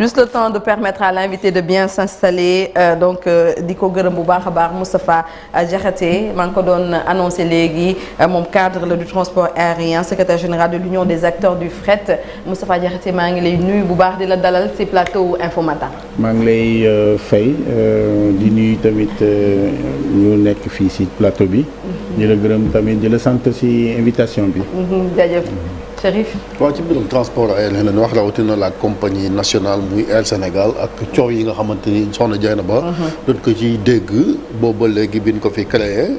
juste le temps de permettre à l'invité de bien s'installer euh, donc euh, di ko gërëm bu baax a baax Moustapha euh, Diakhaté maa ngi ko doon annoncé léegi euh, moom cadre la du transport aérien secrétaire général de l'union des acteurs du fret Moustapha Diakhaté maa ngi lay nuyu bu baax di la dalal ci plateau Info Matin maa ngi lay fay di nuyu tamit ñu nekk fii ci plateau bi mm-hmm. di la gërëm tamit di sant ci invitation bi mm-hmm. Chérif waaw ci mbirum transport aérien leen wax rawatina la compagnie nationale muy Air Sénégal ak coow yi nga xamante ni soxna Dieng ba. Mhm. doon ko ciy dégg booba léegi bi ko fi créé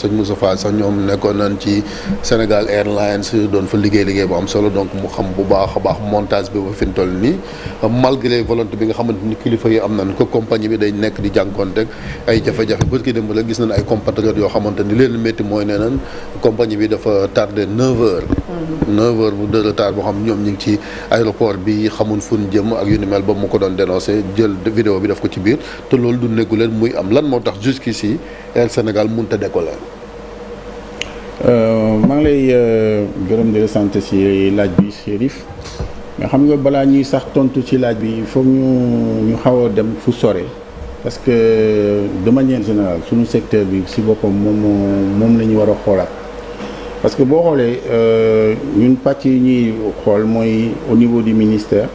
sa Moussa Fall sa ñoom nekkoon nañ ci Sénégal Airlines doon fa liggéey liggéey bu am solo donc mu xam bu baax a baax montage bi ba fi ñu toll nii malgré volonté bi nga xamante ni kilifa yi am na nañ ko compagnie bi day nekk di jànkoonteeg ay jafe-jafe bët ki dem rek gis na ay compatriotes yoo xamante ni leen métti mooy nee nañ bi dafa tardé 9 neuf heures de retard boo xam ñoom ñu ngi ci aéroport bi xamuñ fu ñu jëm ak yu ni mel ba mu ko doon dénoncé jël vidéo bi def ko ci biir te loolu du nekku leen muy am lan moo tax jusqu'ici Air Sénégal mënut a décoller. Euh, maa ngi lay euh, gërëm sant ci laaj bi Chérif nga xam nga balaa ñuy sax tontu ci laaj bi foog ñu ñu xaw a dem fu sore parce que de manière générale suñu secteur bi si boppam moom moom la ñu war a xoolaat. parce que boo xoolee euh, ñun pàcc yi ñuy xool mooy au niveau du ministère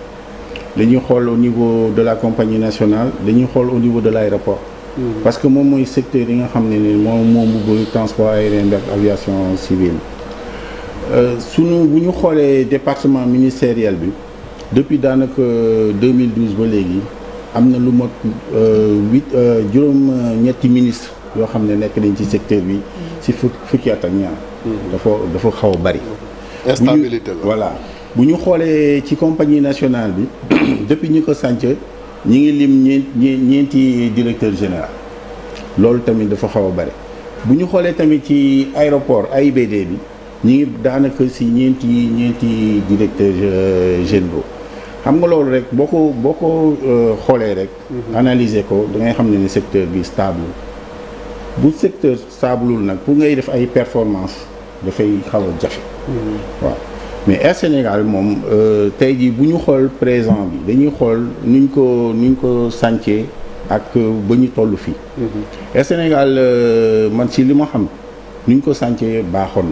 dañuy xool au niveau de la compagnie nationale dañuy xool au niveau de l' aéroport mm-hmm. parce que moom mooy secteur yi nga xam ne ni moom moom bu transport aérien bi ak aviation civile euh, sunu bu ñu xoolee departement ministériel bi depuis daanaka 2012 euh, ba léegi am na lu mot huit juróom ñetti ministre yoo xam ne nekk nañ ci secteur bi ci fu fukki at ak ñaar mm-hmm. dafa dafa xaw a bari mm-hmm. instabilité la voilà bu ñu xoolee ci compagnie nationale bi depuis ñu ko sànc ñu ngi lim ñeent ñeenti directeur général loolu tamit dafa xaw a bari bu ñu xoolee tamit ci aéroport AIBD bi ñu ngi daanaka si ñeenti ñeenti directeur euh, généraux xam nga loolu rek boo ko boo ko euh, xoolee rek mm-hmm. analyser ko da ngay xam ne ni secteur bi stable bu secteur saablul nag pour ngay def ay performance dafay xaw a jafe hmm. waaw mais Air Sénégal moom euh, tey jii bu ñu xool présent bi dañuy xool nuñ ko nuñ ko sàncee ak euh, ba ñu toll fii hmm. Air Sénégal euh, man ci li ma xam nuñ ko sàncee baaxoon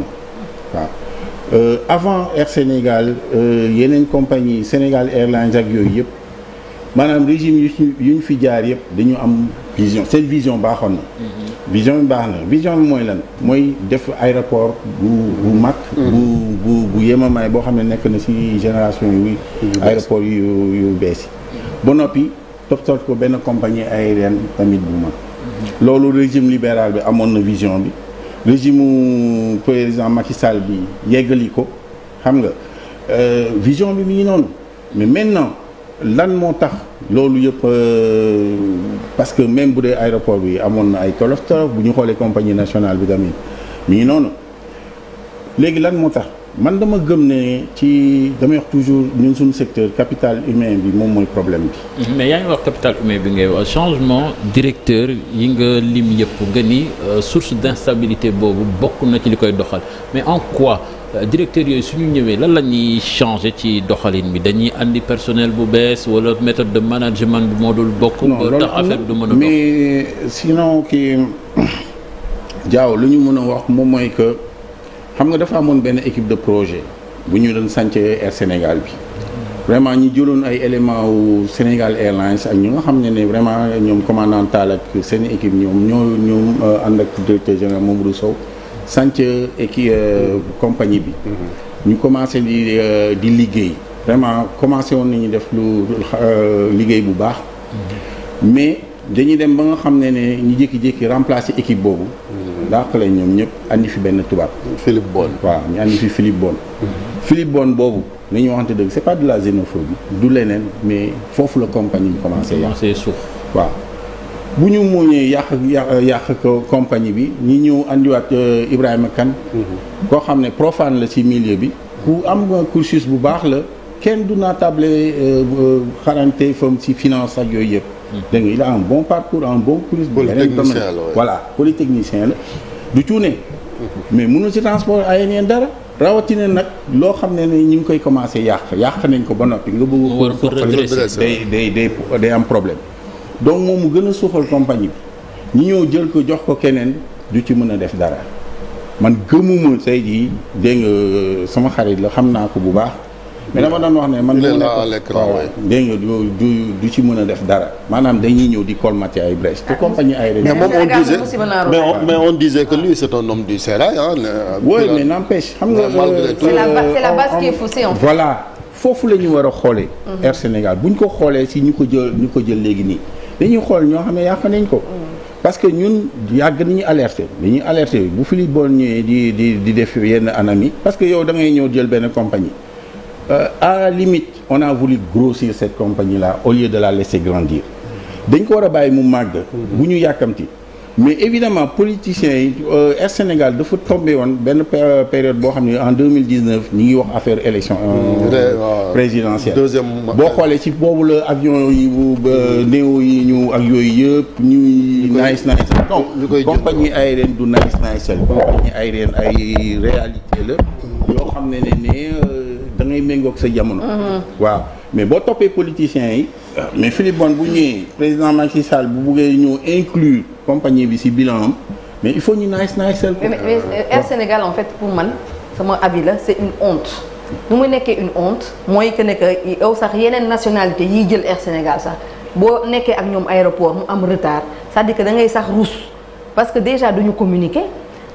na waaw avant Air Sénégal euh, yeneen compagnie Sénégal Airlines ak yooyu yëpp maanaam régime yu ñu fi jaar yëpp dañu am vision seen vision baaxoon na. Mhm. vision baax na vision mooy lan mooy def aéroport bu bu mag. Mhm. bu bu bu yemamaay boo xam ne nekk na ci génération yu. aéroport yu yu bees yi. ba noppi toppatoo ko benn compagnie aérienne tamit bu mag. Mhm. loolu régime libéral bi amoon na vision bi régime président Macky Sall bi yéggali ko xam nga euh, vision bi mi ngi noonu mais maintenant lan moo tax loolu yëpp. Euh, parce que même bu dee aéroport bi amoon na ay tolof tolof bu ñu xoolee compagnie nationale bi tamit mi noonu léegi lan moo tax man dama gëm ne ci damay wax toujours ñun suñu secteur capital humain bi moom mooy problème bi. Mm-hmm. mais yaa ngi wax capital humain bi ngay wax changement directeur yi nga lim yëpp nga ni euh, source d'instabilité boobu bokk na ci li koy doxal mais en quoi. Euh, directeurs yooyu suñu ñëwee lan la ñuy changer ci doxalin bi dañuy andi personnel bu bees wala méthode de management bi moo dul bokk. ba tax affaire du mën a mais sinon kii jaaw lu ñu mën a wax moom mooy que xam nga dafa amoon benn équipe de projet bu ñu doon sànc Air Sénégal bi. vraiment ñi jëloon ay éléments wu Sénégal Airlines ak ñu nga xam ne ne vraiment ñoom commandant ak seen équipe ñoom ñoo ñoom euh, ànd ak directeur général Mamadou Sow sanc et kii euh, compagnie bi. Mhm. ñu commencé euh, di liggéey. vraiment commencé woon nañu def lu euh, liggéey bu baax. Mhm. mais dañuy dem ba nga xam ne ne ñu jékki-jékki remplacer équipe boobu. Mhm. dàq ñoom ñëpp andi fi benn tubaab. Philippe Bonne. waa ñu andi fi Philippe Bonne. Philippe Bonne boobu nañu waxante dëgg c'est pas de la xénophobie du leneen mais foofu la compagnie bi commencé. commencé suuf waaw. bu ñu muñee yàq yàq compagnie bi ñi ñëw andiwaat euh, Ibrahima Kane mm-hmm. koo xam ne profane la ci milieu bi ku am cursus bu baax la kenn du naatable euh, xarante fam ci finance ak yooyu yëpp mm-hmm. dégg nga il a un bon parcours un bon cursus polytechnicien la voilà polytechnicien la du cuune mais mënul ci transport aérien dara rawatina nag loo xam ne ni ñu ngi koy commencé yàq yàq nañ ko ba noppi nga bëgg ko day day day day am problème donc moom mu gën a suuxal compagnie bi ñi ñëw jël ko jox ko keneen du ci mën a def dara man gëmuma say jii dégg nga sama xarit la xam naa ko bu baax mais dama doon wax ne man mu nekk waaw dégg nga du du ci mën a def dara maanaam dañuy ñëw di colmater ay brèche te compagnie aérienne mais moom on disait mais on disait que lui c'est un homme du sérail ah oui mais n'empêche xam nga euh, euh, c'est la base qui est faussée en fait voilà foofu la ñu war a xoolee mhm. Air Sénégal bu ñu ko xoolee si ñu ko jël ñu ko jël léegi nii dañuy xool ñoo xam ne yàq nañ ko. parce que ñun yàgg nañu alerté dañuy alerté bu Philippe Bon ñëwee di di di def yenn anam yi parce que yow da ñëw jël benn compagnie. Euh, à la limite on a voulu grossir cette compagnie là au lieu de la laisser grandir dañ ko war a bàyyi mu màgg. bu ñu yàkkamti. mais évidemment politiciens yi euh, Air Sénégal dafa tombé woon benn euh, période boo xam ne en 2019 ñu ngi wax affaire élection euh, mm, présidentielle boo xoolee ci boobu la avion yi bu néew yi ñu ak yooyu yëpp ñuy nice nice donc compagnie aérienne du nice nice la compagnie aérienne ay réalité la yoo xam ne ne ne da ngay méngoog sa jamono mm-hmm. waaw mais boo toppee politiciens yi mais Philippe Bon bu ñëwee président Macky Sall bu buggee ñëw inclure compagnie bi si bilan am mais il faut ñu nice nice ko. Sénégal en fait pour man sama yi la c'est une honte. nu mu nekkee une honte mooy que ne que yow sax yeneen nationalité yiy jël Air Sénégal sax boo nekkee ak ñoom aéroport mu am retard cest à que da ngay sax ruus parce que déjà duñu communiquer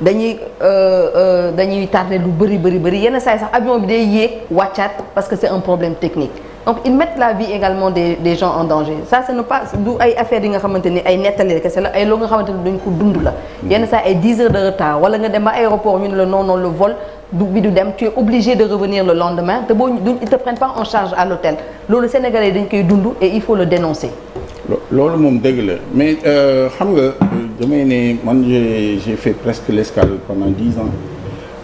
dañuy euh, euh, dañuy tardé lu bëri bëri bëri yenn saa yi sax avion bi day yéeg wàccaat parce que c'est un problème technique. donc ils mettent la vie également des des gens en danger ça c'est ne pas du ay affaires yi nga xamante ni ay nettali kese la ay loo nga xamante ni dañ ko dund la. Hmm. yenn saa ay 10 heures de retard wala nga dem ba aéroport ñu ne la non non le vol bi du dem tu es obligé de revenir le lendemain te boo duñ ils te prennent pas en charge à l'hôtel loolu sénégalais dañ koy dund et il faut le dénoncer. loolu moom dëgg la mais euh, xam nga euh, damay ne man j'ai fait presque l'escale pendant 10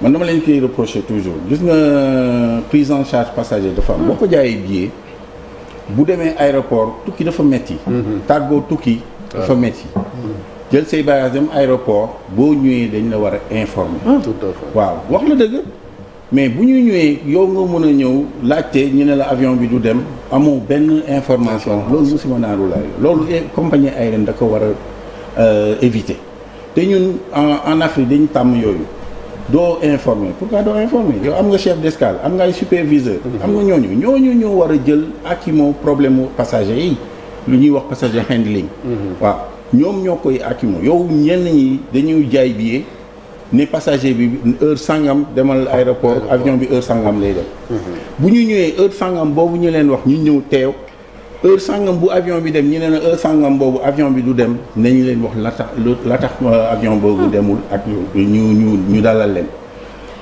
man dama leen koy reprocher toujours gis nga euh, prise en charge passager dafa am hmm. boo ko jaayee billet bu demee aéroport tukki dafa metti hmm. tàggoo tukki dafa metti jël say bagage dem aéroport boo ñëwee dañ la war a informer hmm. tout waaw wax la dëgg mais bu ñu ñëwee yow nga mën a ñëw laajte ñu ne la avion bi du dem amoo benn information loolu musuma naaru laay loolu eh, compagnie aérienne da ko war a euh, éviter te ñun en Afrique dañ tàmm yooyu doo informé pourquoi doo informé yow am nga chef d'escale am nga ay superviseur am nga ñooñu ñooñu ñoo war a jël akimoo problème mu passager yi lu ñuy wax passager handling mhm. waaw ñoom ñoo koy akimoo yow ñenn ñi dañuy jaay billet ne passager bi heure sangam demal aéroport avion bi heure sangam lay dem mhm. bu ñu ñëwee heure sangam boobu ñu leen wax ñu ñëw teew heure sàngam bu avion bi dem ñu nee na heure sàngam boobu avion bi du dem nañu leen wax la tax la tax euh, avion boobu hmm. demul ak ñu ñu ñu dalal leen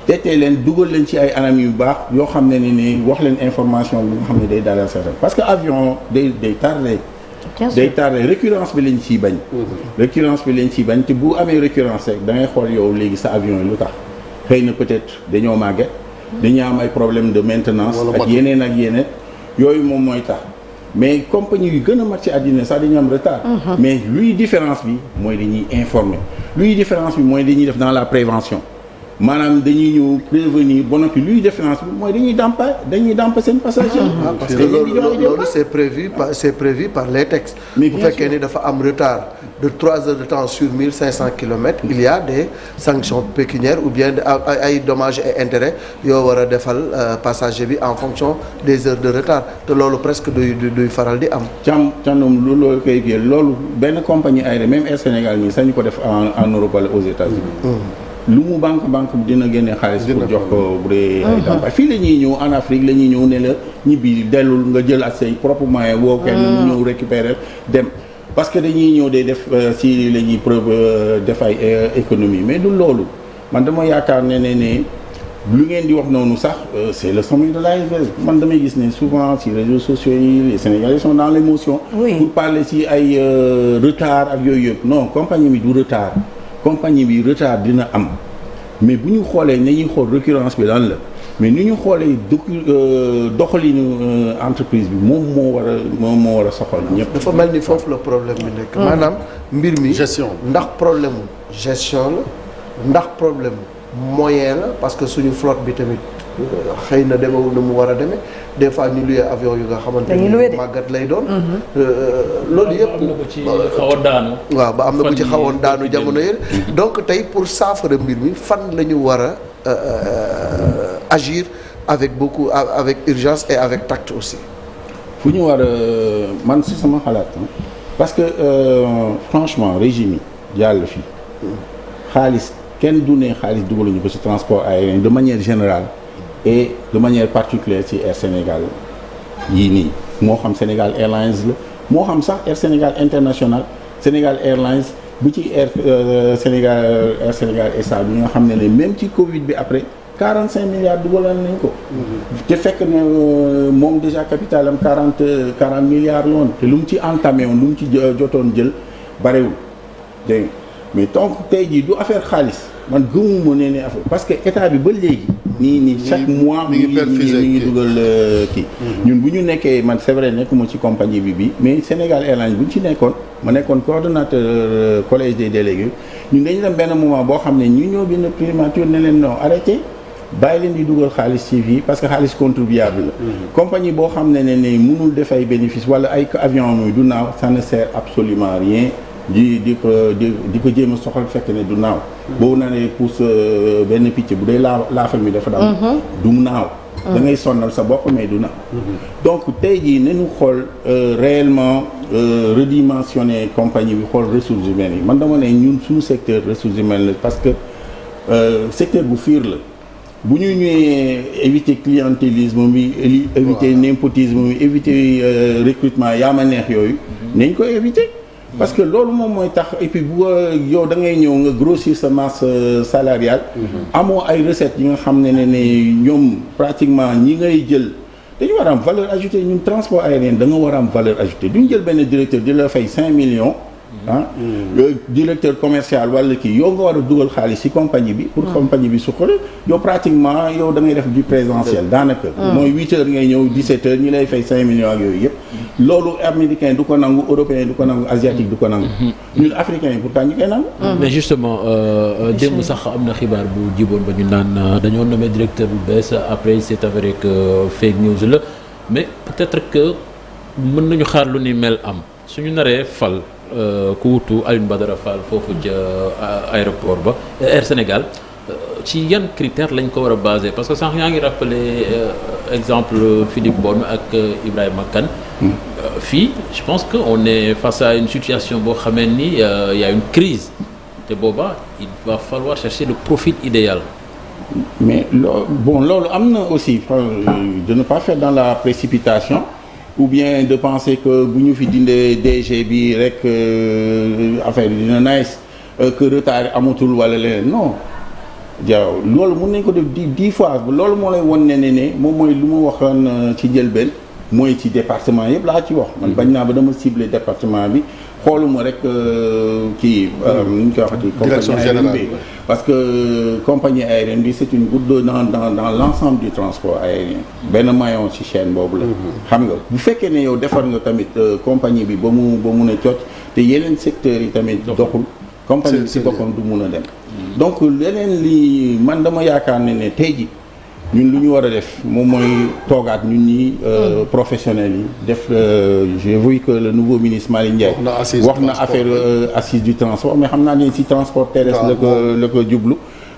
teetee leen dugal leen ci ay anam yu baax yoo xam ne ni ni wax leen information bi nga xam ne day dalal sa xel parce que avion day day tardé day tardé bi lañ ciy bañ hmm. récurrence bi lañ ciy bañ te bu amee récurrence rek da ngay xool yow léegi sa avion yi lu tax xëy na peut-être dañoo màgget hmm. dañu am ay problème de maintenance ak yeneen ak yeneen yooyu moom mooy tax mais compagnie yu gën a mat ci àddina sax dañu am retard. Mhm. mais luy différence bi mooy dañuy informer luy différence bi mooy dañuy def dans la prévention. maanaam dañuy ñëw prévenir ba noppi luy def finance bi mooy dañuy dàmpa dañuy dàmpa seen passager. Ah, ah, parce que loolu loolu c' est prévu par c' est les textes. mais bu fekkee ni dafa am retard de trois heures de temps sur mille cinq cent kilomètres. il y des sanctions pécuniaires ou bien ay dommages et intérêts yoo war a defal euh, passager bi en fonction des heures de retard te loolu presque duy faral di am. càmm càmm loolu koy kii loolu benn compagnie aérienne même Air Sénégal mi sañu ko def en en Europe wala aux lu mu banque banque bi dina génne xaalis pour jox ko bu dee ay mhm. dàmpaay fii la ñuy ñëw en Afrique la ñuy ñëw ne la ñibbi dellul nga jël ak say propre moyen woo kenn mu ah. ñëw récupérer dem parce que dañuy ñëw day def euh, si la ñuy preuve euh, def ay euh, économie mais du loolu man dama yaakaar ne ne ne lu ngeen di wax noonu sax c' est le sommet de l'iceberg man damay gis ne souvent si réseaux sociaux yi les Sénégalais sont dans l' émotion oui. pour si ay retard ak yooyu yëpp non compagnie bi du compagnie bi retard dina am mais bu ñu xoolee nañuy xool récurrence bi lan la mais ni ñu xoolee doxali euh, doxalinu euh, entreprise bi moom moo war a moom moo war a soxal ñëpp. dafa mel ni foofu la problème bi nekk. Mm. maanaam mbir mi gestion ndax problème gestion la ndax problème moyen la parce que suñu flotte bi tamit xëy na demewul na mu war a demee des fois ñu luye avion yu nga xamante ni màggat lay doon mhm. euh, euh, loolu yëpp waaw ba am na ko ci xawoon daanu jamono yële donc tey pour saafara mbir mi fan lañu ñu war a euh, agir avec beaucoup avec urgence et avec tact aussi fu ñu war a man si sama xalaat parce que euh, franchement régime yi jàll fii mm. xaalis kenn du ne xaalis dugaluñu ko ci transport aérien de manière générale et de manière particulière ci Air Sénégal yii nii moo xam Sénégal Airlines la moo xam sax Air Sénégal International Sénégal Airlines bu ci Air euh, Sénégal Air Sénégal SA bi nga xam ne ne même ci Covid bi après 45 milliards dugalal nañ ko. Mm-hmm. te fekk ne euh, moom déjà capital am 40 40 milliards la te lu mu ci entamé woon lu mu ci jotoon jël barewul dégg mais donc tey jii du affaire xaalis. man gëmuma ne ne affaire parce que état bi ba léegi. nii nii chaque mois. mi ngi perfusé ngi dugal euh, kii. Mm-hmm. ñun bu ñu nekkee man c'est vrai nekkuma ci compagnie bi bi mais Sénégal Airlines bu ñu ci nekkoon ma nekkoon coordonnateur euh, collège des délégués ñun dañu dem benn moment boo xam ne ñu ñoo benn primature ne leen non arrêté. bàyyi leen di dugal xaalis ci fii parce que xaalis contribuable la. Mm-hmm. compagnie boo xam ne ne mënul def ay bénéfice wala ay avion muy du naaw ça ne sert absolument rien. di di ko di di ko jéem a soxal fekk ne du naaw. boo na ne pousse euh, benn picc bu dee laa laafam mi dafa dam mm-hmm. du naaw. Mm-hmm. da ngay sonnal sa bopp mais du naaw. Mm-hmm. donc tey jii nañu xool euh, réellement euh, redimensionner compagnie bi xool ressources humaines yi man dama ne ñun suñu secteur ressources humaines la parce que secteur bu fiir la. bu ñu ñëwee éviter clientélisme bi éviter népotisme bi éviter recrutement yaa ma neex yooyu. nañ ko éviter. parce que loolu moom mooy tax et puis bu yow da ngay ñëw nga grossir sa masse euh, salariale. Mm-hmm. amoo ay recettes yi nga xam ne ne ne ñoom pratiquement ñi ngay jël. dañu war a am valeur ajoutée ñun transport aérien da nga war a am valeur ajoutée duñ jël benn directeur di la fay 5 millions. ah mm-hmm. euh, directeur commercial wala kii yow nga war a dugal xaalis ci compagnie bi pour mm. compagnie bi su xale yow pratiquement yow da ngay def du présentiel mm. daanaka mm. mooy huit heures ngay ñëw dix sept heures ñi lay fay cinq millions ak yooyu yëpp loolu américain du ko nangu européen du ko nangu asiatique du ko nangu mm-hmm. ñun africain yi pourtant ñu koy nangu mais justement euh, euh, démb sax am na xibaar bu jiboon ba ñu naan dañoo nommé directeur bu bees après il s'est avéré que fake la mais peut-être que mën nañu xaar lu ni mel am suñu naree fal Euh, ku wutu Alioune Badara Fall foofu ca euh, aéroport ba euh, Air Sénégal ci yan critère lañ ko war a basé parce que sànq yaa ngi rappelé exemple Philippe Bonne ak Ibrahima Kane. Hmm. fii je pense que on est face à une situation boo xamee ni y a une crise te booba il va falloir chercher le profil idéal. mais loolu am na aussi de ne pas faire dans la précipitation. ou bien de penser que bu ñu fi dindee DG bi rek euh, affaire bi dina nice euh, que retard amatul wala leneen non jaaw loolu mun nañ ko def di dix fois loolu moo lay won ne ne ne moom mooy lu ma waxoon euh, ci njëlbeen mooy ci département yëpp laa ci wax man bañ naa ba dama ciblé département bi xooluma rek euh, kii euh, nu ñu koy waxati direction générale bi parce que euh, compagnie aérienne bi c'est une goutte dans dans dans l'ensemble du transport aérien benn maillon ci chaîne boobu la mhm. xam nga bu fekkee ne yow defar nga tamit compagnie bi ba mu ba mun a cocc te yeneen secteurs yi tamit doxul compagnie bi si boppam du mun a dem mhm. donc leneen li man dama yaakaar ne ne tey ji ñun lu ñu war a def moom mooy toogaat ñun ñi euh, mm. professionnels yi def euh, j'ai vu que le nouveau ministre Malick Ndiaye wax na affaire euh, assise du transport mais xam naa ne si transport terrestre la ko jublu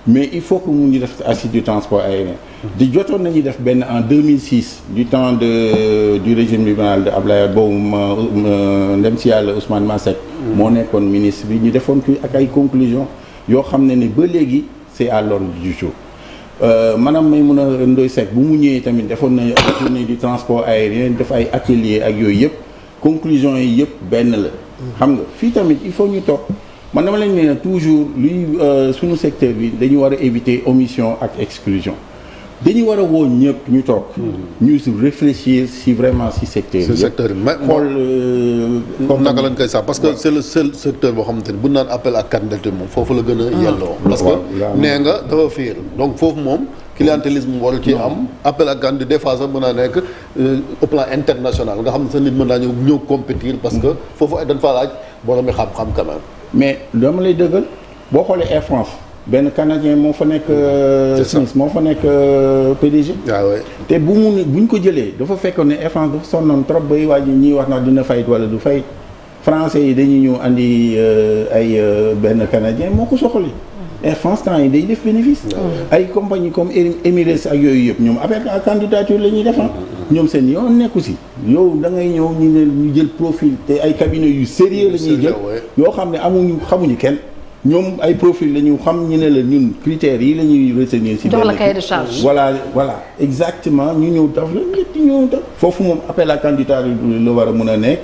mais il faut que mu ngi def assise du transport aérien di jotoon nañu def benn en 2006 du temps de du régime libéral de Ablaye boobu ma ndem si yàlla Ousmane Masseck mm. moo nekkoon ministre bi ñu defoon ki ak ay conclusions yoo xam ne ni ba léegi c'est à l'ordre du jour Euh, maanaam a Ndoye Seck bu mu ñëwee tamit defoon na ay journée du transport aérien def ay atelier ak yooyu yëpp conclusion yi yëpp benn la xam nga fii tamit il faut ñu toog man dama leen ne toujours luy euh, suñu secteur bi dañu war a éviter omission ak exclusion dañu war a woo ñëpp ñu toog. Hmm. ñu si réfléchir si vraiment si secteur bi. secteur bi mais xool. Euh, comme koy sax parce que c' est secteur boo xam ni bu naan appel à candidature moom ah. nga dafa fiir donc foofu moom. clientélisme waru ci am appel à candidature des fois sax mën naa nekk euh, au plan international nga xam ne sa nit mën naa ñëw ñëw compétir parce que hmm. foofu dañ fa laaj boroomi xam-xam quand mais dama lay dëggal boo xoolee Air benn canadien moo fa nekk. Euh, Smith moo fa nekk euh, PDG. waaw ah te bu mu bu ñu ko jëlee dafa fekkoon ne Air France dafa sonnoon trop bay waa ji ñuy wax naa dina fayit wala du fayit français yi dañuy ñëw andi euh, ay benn canadien moo ko soxali. Mm. Air temps yi day def bénéfice. Ah ay compagnie comme Emirates ak yooyu yëpp ñoom avec candidature la ñuy defar. Ah. Mm-hmm. ñoom seen yoon nekku si. yow da ngay ñëw ñu ne ñu jël profil te ay cabinet yu sérieux la ñuy jël. yoo xam ne amuñu xamuñu kenn. ñoom ay profil la ñu xam ñu ne la ñun critères yi la ñuy retenir. ci benn cahier de charge voilà voilà exactement ñu ñëw daf la ñetti ñëw daf. foofu moom appel à candidature la war a mën a nekk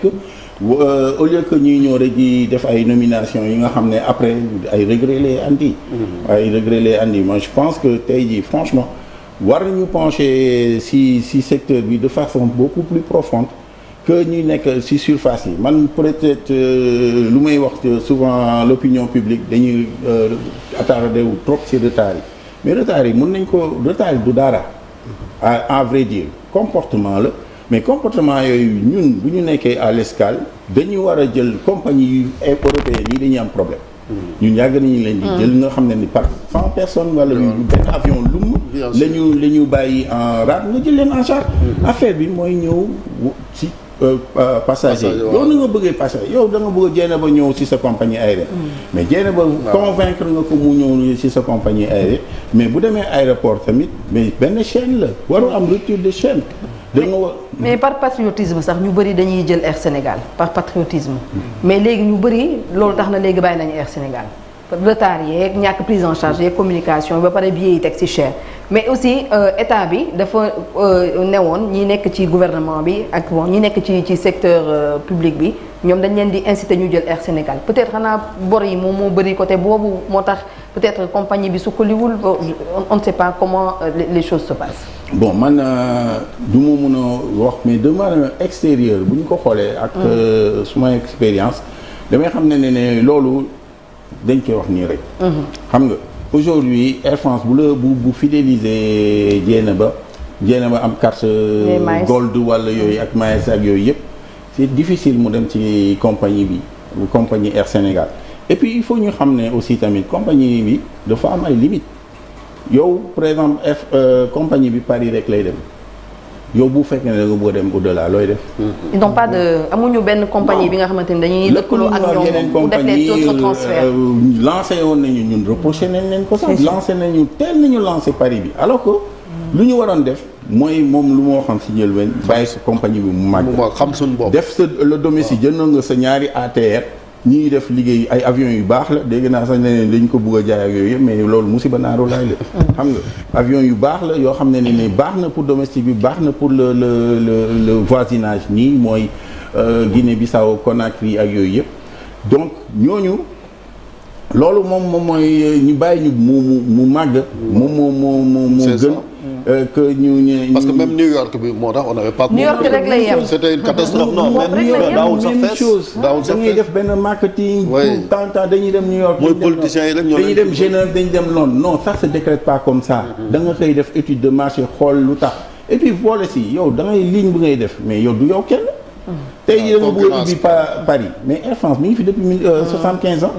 euh, au lieu que ñuy ñëw rek di def ay nomination yi nga xam ne après ay regret lay andi. Mm-hmm. ay regret lay andi moi je pense que tey jii franchement war nañu pencher si si secteur bi de façon beaucoup plus profonde. que ñuy nekk ci surface yi man peut-être euh, lu may wax euh, souvent l'opinion publique dañuy euh, attardé wu trop ci retard yi mais retard yi mun nañ ko retard yi du dara à vrai dire comportement la mais comportement yooyu ñun bu ñu nekkee à l'escale dañu war a jël compagnie yu européenne yi dañuy am problème ñun yàgg nañu leen di mm. jël nga xam ne ni par cent personnes wala ñu benn avion lum la ñu la bàyyi en rade nga jël leen en charge mm. affaire bi mooy ñëw ci Euh, euh, passager yow ni nga bëggee passager yow da nga bëgg jeene ba ñëw ci sa compagnie aérienne mm. mais jeene ba convaincre nga ko mu ñëw si sa compagnie aérienne mais bu demee aéroport tamit mais benn chaîne la warul am rupture de chaîne da nga war mais par patriotisme sax ñu bëri dañuy jël Air Sénégal par patriotisme mm. mais léegi ñu bëri loolu tax na léegi bàyyi nañu Air Sénégal retard yeeg ñàkk prise en charge yeeg communication ba pare billets yi teg ci cher mais aussi euh, état bi dafa euh, newoon ñi nekk ci gouvernement bi ak bon ñi nekk ci ci secteur euh, public bi ñoom dañ leen di inciter ñu jël Air Sénégal peut-être xanaa bor yi moom moo bëri côté boobu moo tax peut-être compagnie bi sukkaliwul on ne sait pas comment les choses se passent. bon man du mu mën a wax mais de manière extérieure bu ñu ko xoolee. ak mm. suma expérience damay xam ne ne loolu. dañ koy wax nii rek. Mhm. xam nga aujourd'hui Air France bu la bu bu fidéliser jéena ba jéena ba am carte euh, gold wala yooyu ak Maes ak yooyu yëpp c'est difficile mu dem ci compagnie bi compagnie Air Sénégal et puis il faut ñu xam ne aussi tamit compagnie bi dafa am ay limites yow par exemple F euh, compagnie bi Paris rek lay dem. yow bu fekkee ne da nga bëgg a dem au delà looy def. ils n'ont pas de amuñu benn compagnie bi nga xamante ni dañuy lëkkaloo ak ñoom bu def les euh, lancé woon nañu ñun reproché nañ leen ko sax. lancé nañu teel nañu lancé pari bi alors que. lu ñu waroon def mooy moom lu moo xam si njëlbeen bàyyi sa compagnie bi mu màgg. mu xam suñu bopp def sa le domicile jëndoon nga sa ñaari ATR. ñi ngi def liggéey ay avions yu baax la dégg naa sax ne leen dañ ko bugg a jaay ak yooyu yëpp mais loolu musiba naaru laay la xam nga avion yu baax la yoo xam ne ne ne baax na pour domestique bi baax na pour le le le le voisinage nii mooy euh, Guinée Bissau Conakry ak yooyu yëpp donc ñooñu loolu moom moom mooy euh, ñu bàyyi ñu mu mu mu màgg moom moo moo moo gën Euh, que ñu ñu. parce que même New York bi moo tax on avait pas. New York rek def benn marketing. tout temps temps dañuy dem New York. mooy politiciens yi rek ñoo dañuy dem Genève dañuy dem Londres non ça se décrète pas comme ça. Mm-hmm. da nga koy def étude de marché xool lu tax et puis si yow da ngay ligne bu ngay def mais yow du yow kenn. Mm-hmm. tey jii dama bëgg a Paris mais Air mi ngi fi depuis mille euh, ah. soixante quinze ans.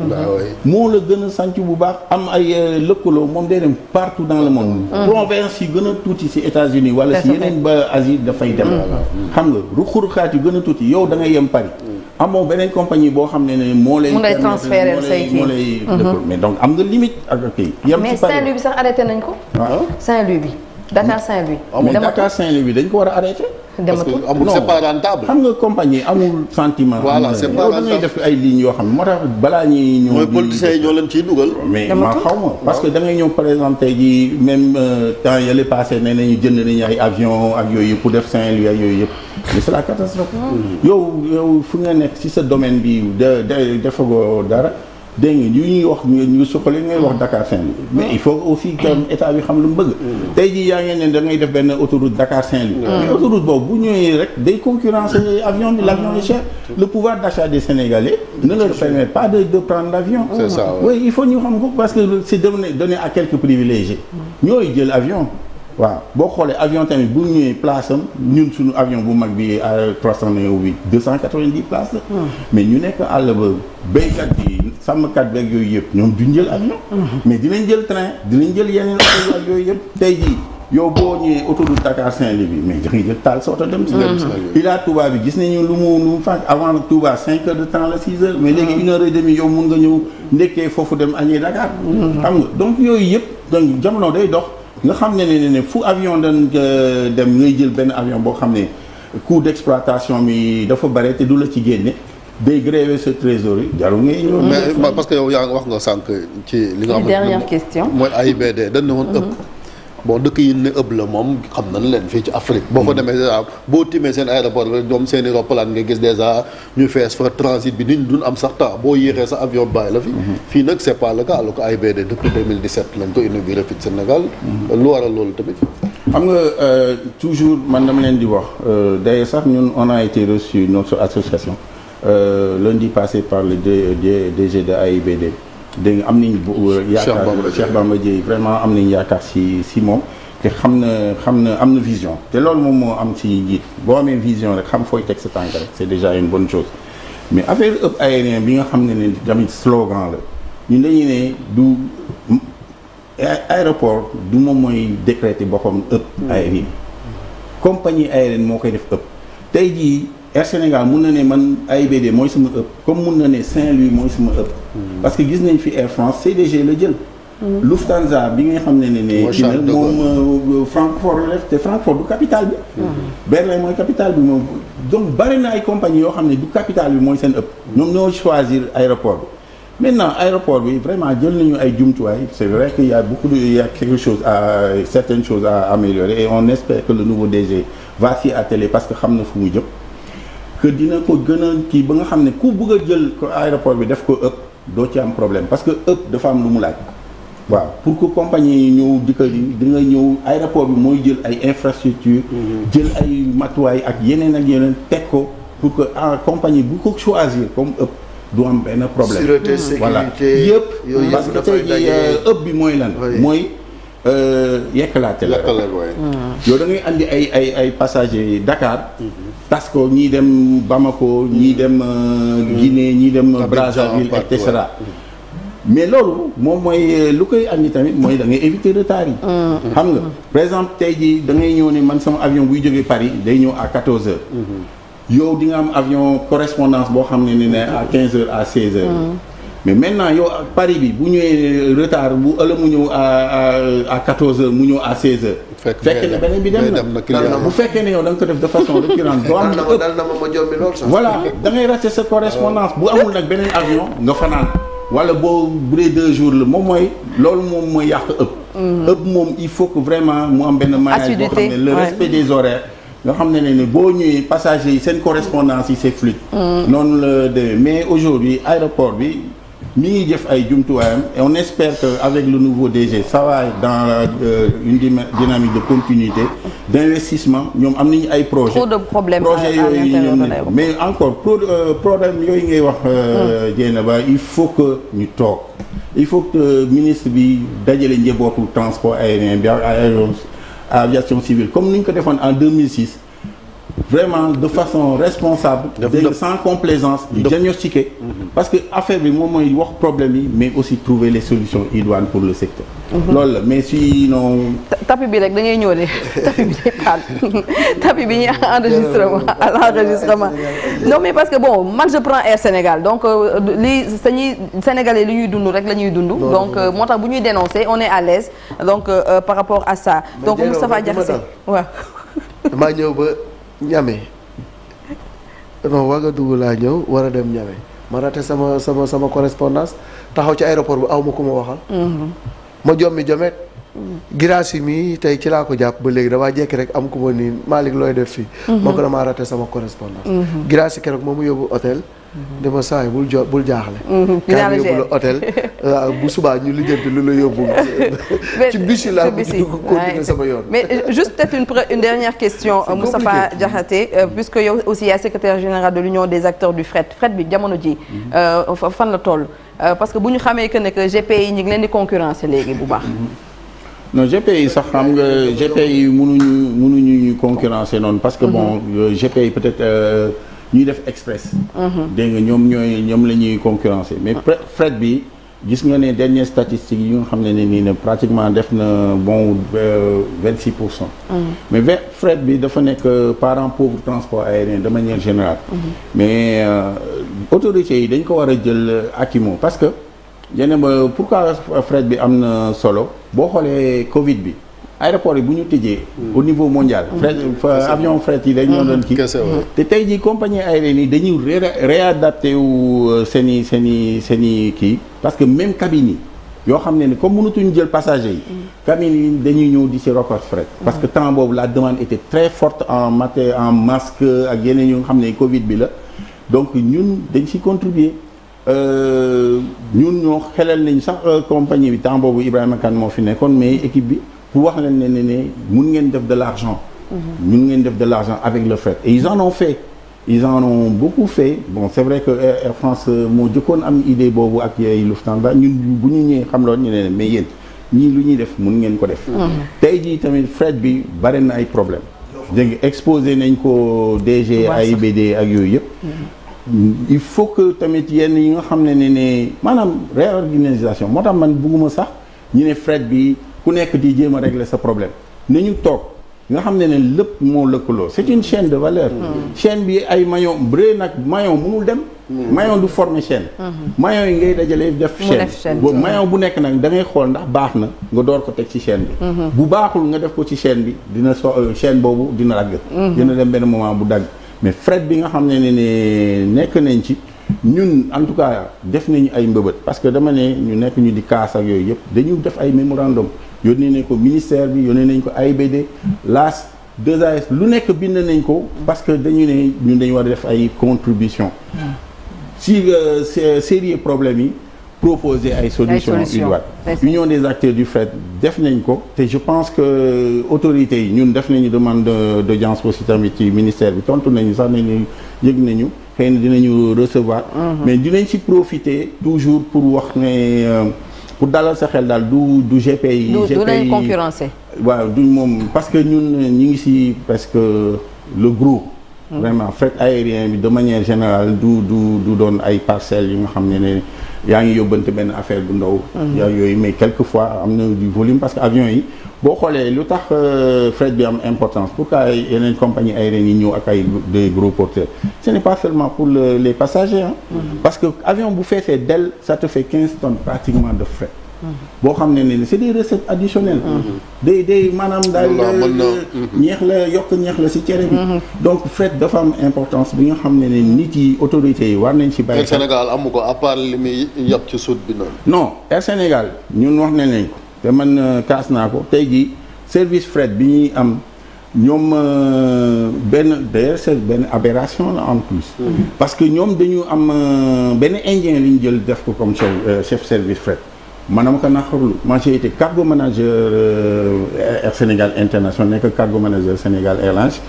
moo la gën a sanc bu baax am ay euh, lëkkaloo moom day dem partout dans le monde. Ah. province yi gën a tuuti si États-Unis wala si yeneen ba Asie dafay dem. xam nga ruq-ruqaat yu gën a tuuti yow da ngay yem Paris. Mm. amoo beneen compagnie boo xam ne ne moo lay. mu lay transférer say kii moo lay mm-hmm. mais donc am nga limite ak kii. yem ci Paris mais sax arrêté nañ ko. waaw ah. Saint-Louis bi Dakar mm. Saint-Louis. dañ ko war a arrêté. dematul parce que xam nga compagnie amul sentiment. voilà c'est da ngay def ay lignes yoo xam ne moo tax balaa ñuy ñëw. mooy politiciens yi ñoo leen ciy dugal. mais maa xaw ma parce que da ngay ñëw présenter ji même euh, temps yële passé nee nañu jënd nañu ay avion ak yooyu pour def Saint-Louis yooyu yëpp. mais c'est la yow yow fu nga nekk ci sa domaine bi de defagoo dara. dégg ngeen yu ñuy wax ñu suqali ngay wax Dakar Saint-Louis mais ah. il faut aussi que ah. état bi xam lu mu bëgg mm. tey jii yaa ngeen ne da ngay def benn autoroute Dakar Saint-Louis ah. mais autoroute boobu bu ñëwee rek day concurrence avion bi l' avion est cher le pouvoir d' achat des Sénégalais mm. ne leur permet pas de de prendre l' avion c'est ça oui il faut ñu xam ko parce que c'est donné donné à quelques privilégiés mm. ñooy jël avion waaw boo xoolee avion tamit bu ñëwee place am ñun suñu avion bu mag bi à trois cent neuf bi deux cent quatre-vingt-dix places la. Hmm. mais ñu nekk àll ba béykat yi sàmmkat beeg yooyu yëpp ñoom duñ jël avion. Hmm. mais dinañ jël train dinañ jël yenn oto ak yooyu yëpp. tey jii yow boo ñëwee autoroute Dakar Saint-Louis bi mais da ngay jël taal sa oto dem. si hmm. dem si Ila Touba bi gis nañu lu mu lu mu fànn avant Touba cinq heures de temps la six heures. mais léegi une heure et nga ñëw ndekkee foofu dem añee Dakar. xam nga donc yooyu yëpp donc jamono day dox. nga xam ne ne ne fu avion dañ euh, dem ngay jël benn avion boo xam ne coût d'exploitation bi dafa bare te du la ci génne day gréver sa yi jarul ngay. mais parce que yaa nga wax nga sànq ci. li nga xam ne dernière question. mooy AIBD dañ ne woon mm-hmm. ëpp. boo dëkk yi ne ëpp la moom xam nañ leen fii ci Afrique. boo fa hmm. demee dèjà boo timee seen aéroport la ñoom seeni i nga gis dèjà ñu fees fa transit bi nit ñi duñ am sax temps boo yéexee sa avion bàyyi la fi. Hmm. fii nag c'est pas le cas alors que AIBD depuis 2017 lañ ko inauguré fii Sénégal. Hmm. lu waral loolu tamit. xam nga euh, toujours man dama leen di wax euh, d'ailleurs sax ñun on a été reçu notre association euh, lundi passé par le DG de AIBD. dégg nga am nañ yaakaar Cheikh Bamba Dièye vraiment am nañ yaakaar si si moom te xam na xam na am na vision te loolu moom moo am ci njiit boo amee vision rek xam fooy teg sa tànk rek c'est déjà une bonne chose mais affaire ëpp aérien bi nga xam ne ne tamit slogan la ñu dañuy ne du aéroport du moom mooy décréter boppam ëpp mm. aérien compagnie aérienne moo koy def ëpp tey jii Air Sénégal mun na ne man AIBD mooy sama ëpp comme mun na ne Saint-Louis mooy sama ëpp. Hmm. parce que gis nañ fi Air France CDG la jël. Hmm. Lufthansa bi ngay xam ne ne ne. mooy moom euh, Francfort la def te Francfort du capital bi. Hmm. Berlin mooy capital bi moom. donc bari na ay compagnie yoo xam ne du capital bi mooy seen ëpp. ñoom ñoo choisir aéroport bi. maintenant aéroport bi vraiment jël nañu ay jumtuwaay c'est vrai que y a beaucoup de y a quelque chose à certaines parce que xam na fu mu jëm. que dina ko gën a kii ba nga xam ne ku bëgg a jël aéroport bi def ko ëpp doo ci am problème parce que ëpp dafa am lu mu laaj. waaw pour que compagnie yi ñëw di ko di nga ñëw aéroport bi mooy jël ay infrastructure mhm. jël ay matuwaay ak yeneen ak yeneen teg ko pour que compagnie bu ko choisir comme ëpp du am benn problème. sûreté sécurité yëpp parce que tey jii euh, ëpp bi mooy lan mooy. Euh, yekkalaate la hmm. yow da ngay andi ay ay ay passager Dakar mhm. tas ko ñii dem Bamako ñii dem euh, hmm. Guinée ñii dem euh, Brazzaville et cetera hmm. mais loolu moom mooy lu koy andi tamit mooy da ngay éviter retard yi xam nga par exemple tey jii da ngay ñëw ni man sama avion buy jógee Paris day ñëw à quatorze heures yow di nga am avion correspondance boo xam ne ni ne à quinze heures à seize heures mais maintenant yow ak pari bi bu ñëwee euh, retard bu ëllëg mu ñëw à à 14 heures mu ñëw à 16 heures. fekk na beneen bi dem na bu fekkee ne yow da ko def de façon récurrente. doo am lu ëpp dal na ma ma jombi lool sax. voilà bu amul nag beneen avion nga fanaan wala boo bu dee deux jours la moom mooy loolu moom mooy yàq ëpp. Mhm. ëpp moom il faut que vraiment mu am benn maillage boo xam ne le nga xam ne ne boo ñëwee passagers yi seen correspondance yi c'est fluide. Mhm. noonu la demee mais aujourd'hui aéroport bi. mi ngi jëf ay jumtuwaayam et on espère que avec le nouveau DG ça va dans la, euh, dynamique de continuité d'investissement ñoom am nañu ay projet de problèmes projet yooyu ñoom mais encore pro euh, problème yooyu ngay wax euh, hmm. ba il faut que ñu toog il faut que euh, ministre bi dajalee njabootu transport aérien bi aviation civile comme ni ñu ko defoon en 2006 vraiment de façon responsable dégg sans complaisance ñu diagnostiquer mhm. parce que affaire bi moom mooy wax problème yi mais aussi trouver les solutions idoines pour le secteur mhm. loolu la mais sinon tapis bi rek da ngay ñëw de tapis bi day paal bi ñuy enregistrement à l'enregistrement non mais parce que bon man je prends Air Sénégal donc euh, li sañuy sénégalais li ñuy dund rek la ñuy dund donc euh, moo tax bu ñuy dénoncer on est à l'aise donc euh, par rapport à ça donc Moustapha Diakhaté ñame non Ouagadougou laa ñëw war a dem ñame ma raté sama sama sama correspondance taxaw ci aéroport bi aw ma ku ma waxal. Mm-hmm. ma jommi jomet. Mm-hmm. giraasi mi tey ci laa ko jàpp ba léegi damaa jekki rek am ku ma nii Malick looy def fii. Mm-hmm. ma ko damaa raté sama correspondance. giraasi keroog moo mu yóbbu hôtel. dama saa yi bul jo bul jaaxle. Mhm. kaay yóbbu la hôtel euh, bu subaa ñu lijjanti lu la yóbbu. ci bis yi laa bëgg dugg continuer sama yoon. mais euh, juste peut une une question. Euh, Moustapha Diakhaté puisque yow aussi yaay secretaire général de l'union des acteurs du fret fret bi jamono ji mhm. fan la toll parce que bu ñu xamee que ne que GPI ñu ngi leen di concurrence léegi bu baax. Mhm. non GPI sax xam nga GPI mënuñu mënuñu ñu concurrencer noonu parce que bon GPI peut-être. ñuy def express. Mhm. dégg nga ñoom ñooy ñoom la ñuy concurrencer mais ah. fret bi gis nga ne dernière statistique yi nga xam ne nii ne pratiquement def na bon euh, vingt six pour cent. Mhm. mais vingt fret bi dafa nekk euh, parent pauvre transport aérien de manière générale. Mhm. mais euh, autorités yi dañ ko war a jël akimo parce que. yeneen ba pourquoi fret bi am na solo boo xoolee Covid bi. aéroport yi bu ñu tëjee. au niveau mondial. Mm. fret mm. avion fret yi dañu doon kii. te tey jii compagnie aérienne yi dañuy réadapté wu euh, seen i seen i seen i kii parce que même cabine yi yoo xam ne ni comme mënatuñu jël passager yi. Mm. cabine yi dañuy ñëw di si record fret. parce que temps boobu la demande était très forte en mat en masque ak yeneen yu xam ne Covid bi la donc ñun dañ si contribuer. Euh, ñun ñoo xelal nañ sax euh, compagnie bi temps boobu Ibrahima Kane moo fi nekkoon mais équipe bi. pour wax leen ne ne ne mun ngeen def de l'argent mhm. mun ngeen def de l'argent avec le fret et ils en ont fait ils en ont beaucoup fait bon c'est vrai que Air France euh, moo jëkkoon am idée boobu ak yooyu Lufthansa ñun bu ñu ñëwee xam loon ñu ne mais yéen ñii lu ñuy def mun ngeen ko def mhm. tey jii tamit fret bi bare na ay problème dégg exposé nañ ko DG AIBD ak yooyu yëpp mhm. il faut que tamit yenn yi nga xam ne ne ne maanaam réorganisation moo tax man bugguma sax ñu ne fret bi ku nekk di jéem a régler sa problème ne ñu toog nga xam ne ne lépp moo lëkkaloo c'est une chaîne de valeur mm-hmm. chaîne bi ay maillon bré nag maillon mënul dem mm-hmm. mayon du forme chaîne mm-hmm. maillon yi ngay dajale def chaîne boobu bu nekk nag da xool ndax baax na nga door ko teg ci chaîne bi bu baaxul nga def ko ci chaîne bi dina so euh, chaîne boobu dina dagg dina dem benn moment bu dagg mais fret bi nga xam ne ne ne nekk nañ ci ñun en tout cas def nañu ay mbëbët parce que dama ne ñu nekk ñu di kaas yooyu yëpp dañu def ay mémorandum yónnee nañ ko ministère bi yónnee nañ ko AIBD LAS 2AS lu nekk bind nañ ko parce que dañu ne ñun dañu war def ay contribution si euh, sérieux problème yi proposer ay solution idoine union des acteurs du fait def nañ ko te je pense que euh, autorités yi ñun def nañu demande d'audience aussi tamit ci ministère bi tontu nañu sax nañu yëg nañu xëy na dinañu recevoir mm-hmm. mais dinañ ci profiter toujours pour wax ne euh, pour dalal sa xel daal du du GP yi. GP yi du leen concurrencer. waaw du moom parce que ñun ñu ngi si parce que le groupe. Mm. vraiment fret aérien bi de manière générale du du du doon ay parcelles yu nga xam ne ne. yaa ngi yóbbante benn affaire bu ndaw. Mhm. yaa yooyu mais quelquefois am na du volume parce que avion yi boo xoolee lu tax euh, fret bi am importance pour que ay yeneen compagnie aérienne yi ñëw ak ay des gros porteurs ce n'est pas seulement pour les passagers mhm. parce que avion bu feesee del ça te fait quinze tonnes pratiquement de fret. boo xam ne ne c'est des recettes additionnelles. Mm-hmm. day day maanaam daal euh, mm-hmm. ñeex la yokk ñeex la si cere bi. Mm-hmm. donc fête dafa am importance bi nga xam ne ne nit yi autorités yi war nañ si bàyyi. Sénégal amu ko à part li muy yab ci suut bi noonu. non Air Sénégal ñun wax nañ lañ ko te man euh, kaas naa ko tey jii service fret bi ñuy am ñoom euh, benn d'ailleurs benn aberration la en plus parce que ñoom dañu am benn indien li ñu jël def ko comme chef chef service fret maanaam ko naqarlu man j'ai été cargo manager euh, Air Sénégal International nekk cargo manager Sénégal Airlines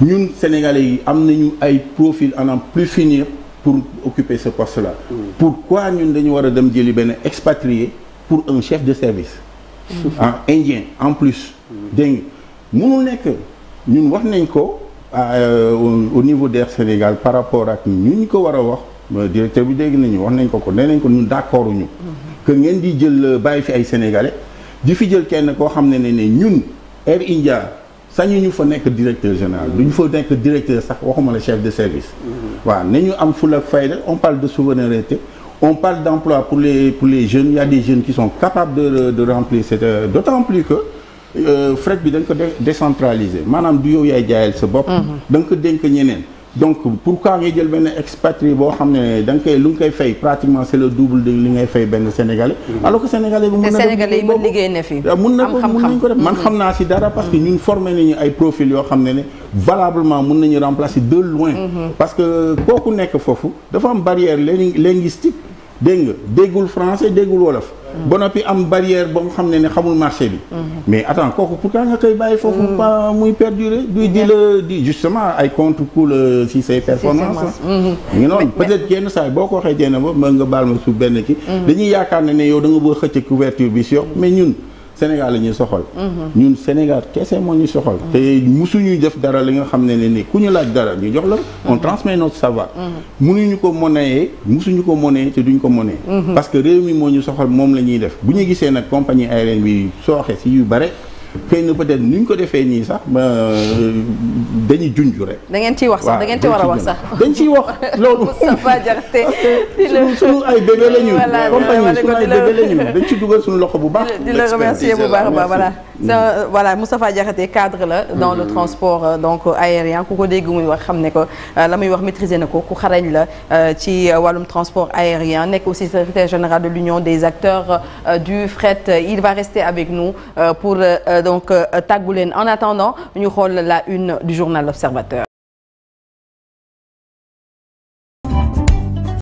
ñun sénégalais yi am nañu ay profil en plus finir pour occuper ce poste là mm. pourquoi ñun dañu war a dem jëli benn expatrié pour un chef de service mm. ah indien en plus mm. dégg mënul nekk ñun wax nañ ko euh, au niveau d'Air Sénégal par rapport ak ñun ñu ko war a wax euh, directeur bi dégg nañu wax nañ ko ko nee nañ ko ñun d'accorduñu mm-hmm. que ngeen di jël euh, bàyyi fi ay sénégalais di fi jël kenn koo xam ne ne ne ñun Air India sañu ñu fa nekk directeur général du ñu fa nekk directeur sax waxuma la chef de service mm-hmm. waaw na ñu am ful ak fayda on parle de souveraineté on parle d'emploi pour les pour les jeunes il y a des jeunes qui sont capables de de remplir c'est euh, d'autant plus que euh, fret bi da nga ko décentraliser maanaam du yow yaay jaayal sa bopp mm-hmm. danga ko dénk ñeneen donc pourquoi ngay jël benn expatrié boo xam ne da nga koy lu nga koy fay pratiquement c' le double de li ngay fay benn sénégalais. Mm-hmm. alors que sénégalais bi mun na. sénégalais yi mën liggéey ah, ko mun nañ ko def man mm-hmm. xam naa si dara parce que ñun formé nañu ay profil yoo xam ne ne valablement mun nañu remplacer de loin. Mm-hmm. parce que kooku nekk foofu dafa am barrière linguistique dégg nga déggul français déggul wolof. ba noppi am barrière ba mu xam ne ne xamul marché bi mhm. mais attends kooku pourquoi nga koy bàyyi foofu mhm. pas muy perdurer duy di la di justement ay contre coup si say performance mhm. ngi noonu peut être yenn boo ko waxee na ba nga baal ma su benn ki dañuy yaakaar ne ne yow da nga xëcc couverture bi si yow mais ñun Sénégal la ñuy soxal. Mhm. ñun Sénégal kese moo ñu soxal. Mhm. te musuñu def dara li nga xam ne ni ku ñu laaj dara ñu jox la. Mhm. on transmet notre savoir. munuñu ko monnayer musuñu ko monnayer te duñ ko monnayer. parce que réew mi moo ñu soxal moom la def bu ñu gisee nag compagnie aérienne bi sooxe si yu bare. xëy na peut-être ni ñu ko defee nii sax ba euh, dañuy junj rek. da ngeen ciy wax sax dangeen ci war a wax sax. dañ ciy wax loolu. Moustapha Diakhaté sunu sunu ay bébé la dañ ci dugal suñu loxo bu baax. di la remercier bu baax a baax voilà. voilà Moustapha Diakhaté cadre la. Mm-hmm. dans le transport euh, donc euh, aérien ku ko dégg muy wax xam ne ko la muy wax maîtriser na ko ku xarañ la ci wàllum transport aérien nekk aussi secrétaire général de l'union des acteurs du fret il va rester avec nous pour. donc euh, tàggu leen en attendant ñu xool la une du journal L'Observateur